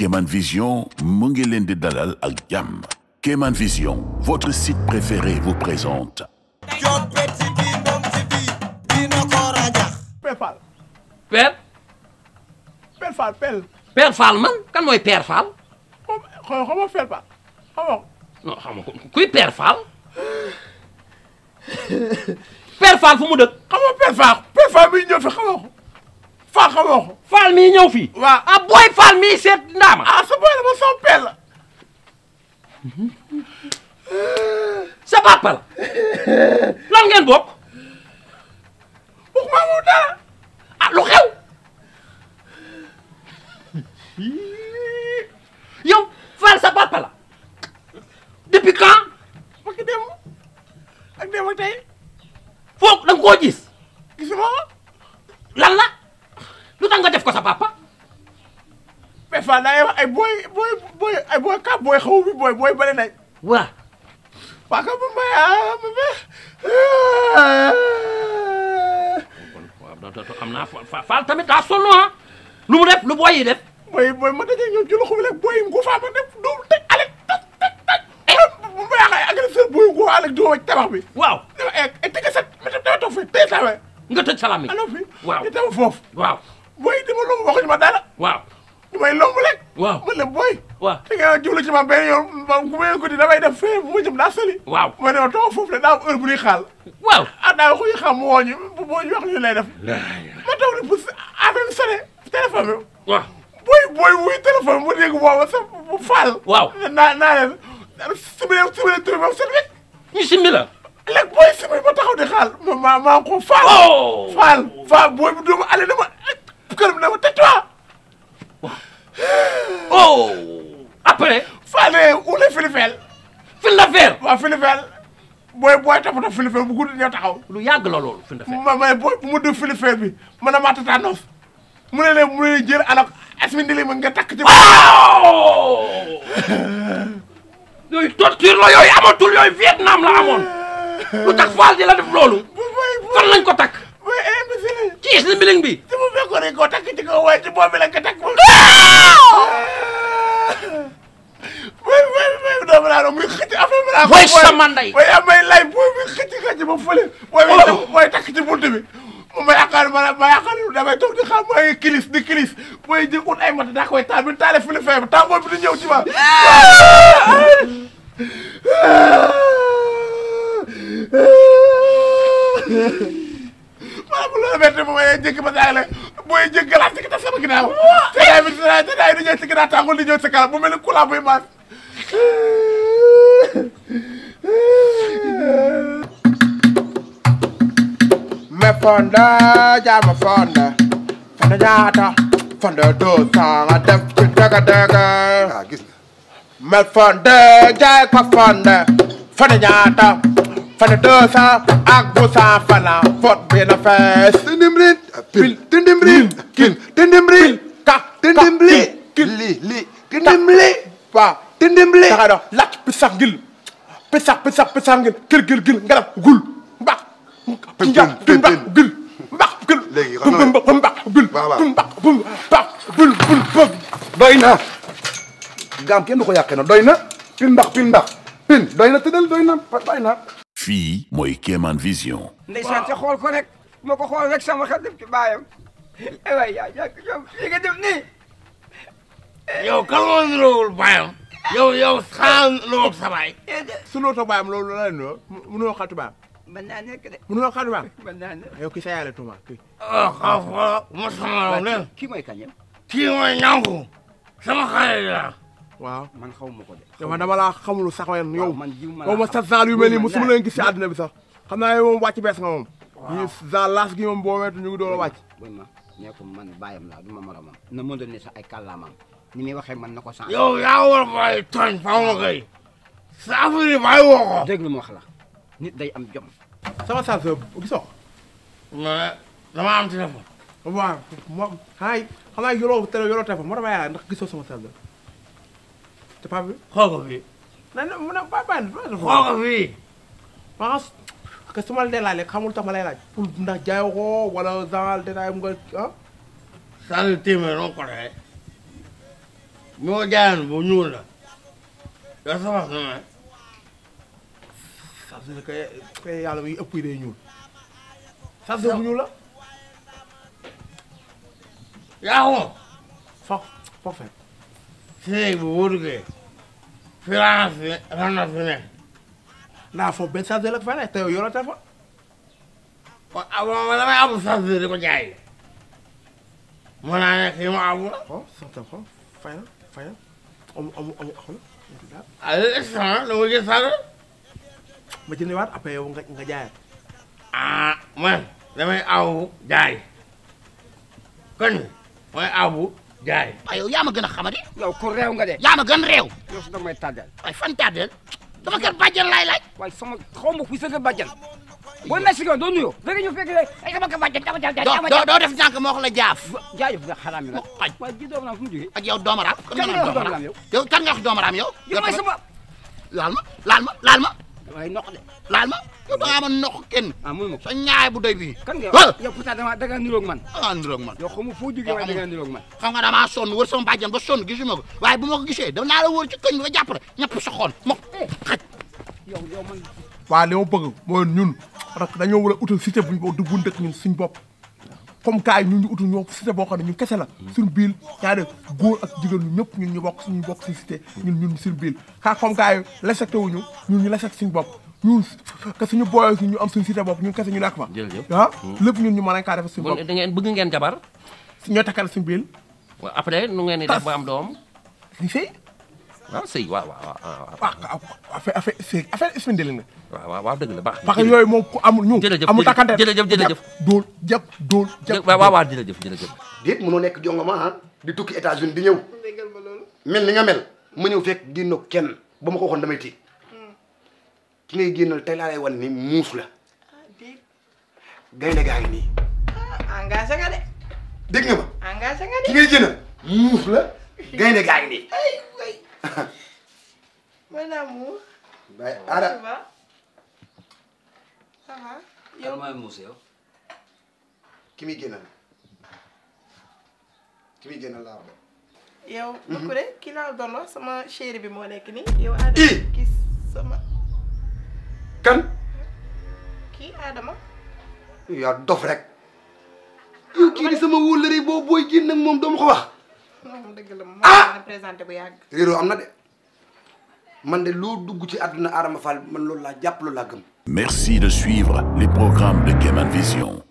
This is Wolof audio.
Keman Vision Mungelende dalal ak Keman Vision votre site préféré vous présente Père Père Fall Père. Père man kan est Père Fall Père Père père non Père Qui père Père Père, Père Fall Père, Père Fall xam nga ko. Fall mii ñëw cette dame. ah C'est Fall mii seet ah sa ma papa lan ngeen Pourquoi ah lu xew. yo ça sa papa la. depuis quand. parce que dem ak dem ak Vous Baye Fall daa wax tamit daa sonn ah. lu mu def lu booy yi def. booy ma daje ñoom ci loxo bi rek booy yi def ale tëj tëj tëj. bu ma yàqee agresseur booy yi nguufaa ak doo bi. waaw dafa egg tëj set ma eh, eh, dama toog fi tey eh. nga tëj salaam yi waaw li tawee foofu. waaw booy yi may lomb rek. waaw ma ne booy. waaw da ngaa jublu ma benn yoon ma bu ma ko di damay def fee bu ma daa sali. ma ne ma toog foofu rek daa am heure bu ñuy xaal. waaw ah daa ko ñuy xaal mu woo ñu bu di bu faal. waaw naa naa la. di xaal ma maa ko faal. Oh. faal faal booy bu doomu ale dama këram dama tëj waaw. oh. après. Fane ule filifel. filifel waaw filifel. booy booy toppatoo filifel bu guddi ñëw taxaw. lu yàgg la loolu filifel. ma may booy bu mu def filifel bi a matata noof mu ne leen mu ne jël alak asmi ndili ma nga takk ci. waaw. yooyu torture la yooyu amatul yooyu Vietnam la amoon lu tax Fall di la def loolu. fan lañ ko takk. ci islam bi. te mu fekkoon ko takk ci kaw ci boobu ko takk. mooy sama ndey waaye yaa may lay booy bi xëcc xëcc ba fële. waaw oh. booy takk ci ma ma damay toog di xam mooy kilis di kilis booy ji ut ay mat daa koy taal taale fële fee taa booy di ñëw ci ma. maa ngi lay bett moom ay jékki ba daay la booy jékki galaas ci sama ginnaaw. te daay bi te daay ñëw ci ginnaaw tàngul di ñëw ci kanam bu mel ni buy maas. me fonda jama fonda fonda ñaata fonda doo sanga def ci dëgg dëgg gis me fonda jaay ko fonda fonda ñaata fane deux cent ak bu cent fana fot bi na fees tëndimrin pil tëndimrin kil tëndimrin ka tëndimli kil li li tëndimli waaw tëndimli taxa do la pesak gil pesak pesak pesak gil gil gil gil ngalam gul mbax tinja mbax gil mbax gil léegi xam nga mbax mbax gil mbax bul mbax bul bul bëgg doy na gaam kenn du ko yàqee na doy na pin mbax pin mbax pin doy na tëddal doy na doy na fii mooy Kéemaan Vision ndeysaan sa xool ko rek moo ko xool rek sama xel def ci baayam ay waay yaa jàkk li nga def nii yow kan moo niroowul baayam yow yow xaaral loo sa baay. sunoo sa loolu la leen mënoo xatu baam. mën naa nekk de. mënoo xatu yow ki sa tuuma kii. ah xaw ma sama la. kii mooy kañam. kii waaw man xaw ma ko de. xaw ma dama laa xamul sax yow. waaw man jiw ma la ma sax zaal yu mel nii mosuma leen gis si àdduna bi sax. xam naa yow moom wàcc bees nga moom. waaw ñu zaal laas ñu ngi door a wàcc. buñ ma nekkul man bàyyam laa du ma moromam. na mën a ne sax ay ni muy waxee man na ko sànq. yow yaa war a bàyyi tooñ faaw ma koy. sa affaire yi bàyyi wax la nit day am jom. sama saa sa gisoo. mais dama am téléphone. waaw moom xanaa xanaa yoroo yaa ndax gisoo sama saa la te paa bi. na na mu ne paa paa xool ko fii. maa que su ma la dee laaj xamul tax ma lay laaj. pour ndax jaayoo ko wala mu nga ah. saa yu téeméer noo bi ma jaayoon bu ñuul la da sama fas na fas na kay kay yàlla muy ëpp yi day yaa ko fof fofe si néeg bi boo duggee fi ranas fi ranas fi ne ndaa foofu benn chargeur la fa ne te yow yoroo téléphone kon abuma abu chargeur di ko jaay mën naa nekk yi ma abu la oh, fay na fayal amu amu amu xool. allo ça va gis sax ma jënd waat après yow nga nga jaayaat. ah man damay awu jaay kon mooy awu jaay. waaw ah, yow yaa ma gën a xamadi. yow ku réew nga de. yaa ma gën réew. yow su damay tàddeel. waaye fan tàddeel. dama kër bàjjen laay laaj. waaye sama xaw ma kuy sa kër bàjjen. booy mexicain doo nuyoo. fekk ñu fekk ay sama kabaaj doo doo def tànk moo ko la jaaf. jaajëf nga xalaat mi la. waaye ji doomu naa fu mu jógee. kan nga wax doomaraam yow yow kan nga wax laal ma laal ma laal ma. waaye noq de. laal ma yow da ngaa ma noq kenn. ah muy ma sa bu doy bii. kan nga yow pourtant dama da ngaa niroog man. da ngaa niroog man. yow xamu foo jógee waaye da ngaa niroog man. xam nga damaa sonn wër sama bàjjan ba sonn gisuma ko waaye bu ma ko gisee dama naa la wër ci këñ bi ba jàpp la ñëpp soxoon ma eh. xaj. yow yow man. waa li ma parce que dañoo war a utal cité buñ boo dugg ñun suñ bopp comme kaay ñun ñu utul ñoo cité boo xam ne ñun kese la suñ biil yaa de góor ak jigéen ñu ñëpp ñun ñu bokk suñu bokk suñ cité ñun ñun suñ biil kaa comme kaay lesecté ñun ñu lesecté suñu bopp ñun que suñu booyoo si ñu am suñu cité bopp ñun kese ñu nekk fa ah hmm. lépp ñun ñu mën a kaa defa suñu bopp da ngeen bëgg ngeen jabar ñoo takkal suñu biil après nu ngeen di def ba am doom si waaw ah, sëy waaw waaw waaw. Ah, ah, affaire affaire sëy affaire isfindeli na. waaw waaw dëgg la baax. parce que yooyu moom ku amul ñu. jërëjëf amul takkante jërëjëf jërëjëf. dóol jàpp dóol jàpp. waaw waaw jërëjëf nekk jongoma ah. di tukki États-Unis di ñëw. mel ni nga mel. ma ñëw fekk génnoog kenn ba ma ko waxoon damay ki ngay génnal tey laa lay wan ni muus la. gaynde gaa ngi nii. engagé nga de. dégg nga ma. engagé nga ki ngay génnal muus la gaynde gaa nii Mon amour. Bah, Ara. Ça va oh? mhm. ki muy génnal ki muy génnal laa wax. yow. Doucouré ki laa doon sama chéri bi moo nekk nii. yow Adama kii sama. kan. kii Adama. yaa dof rek. kii di sama wóllare boobu booy génn ak moom doomu ko wax. moom dëgg ah! bu yàgg. am na de. Merci de suivre les programmes de Keman Vision.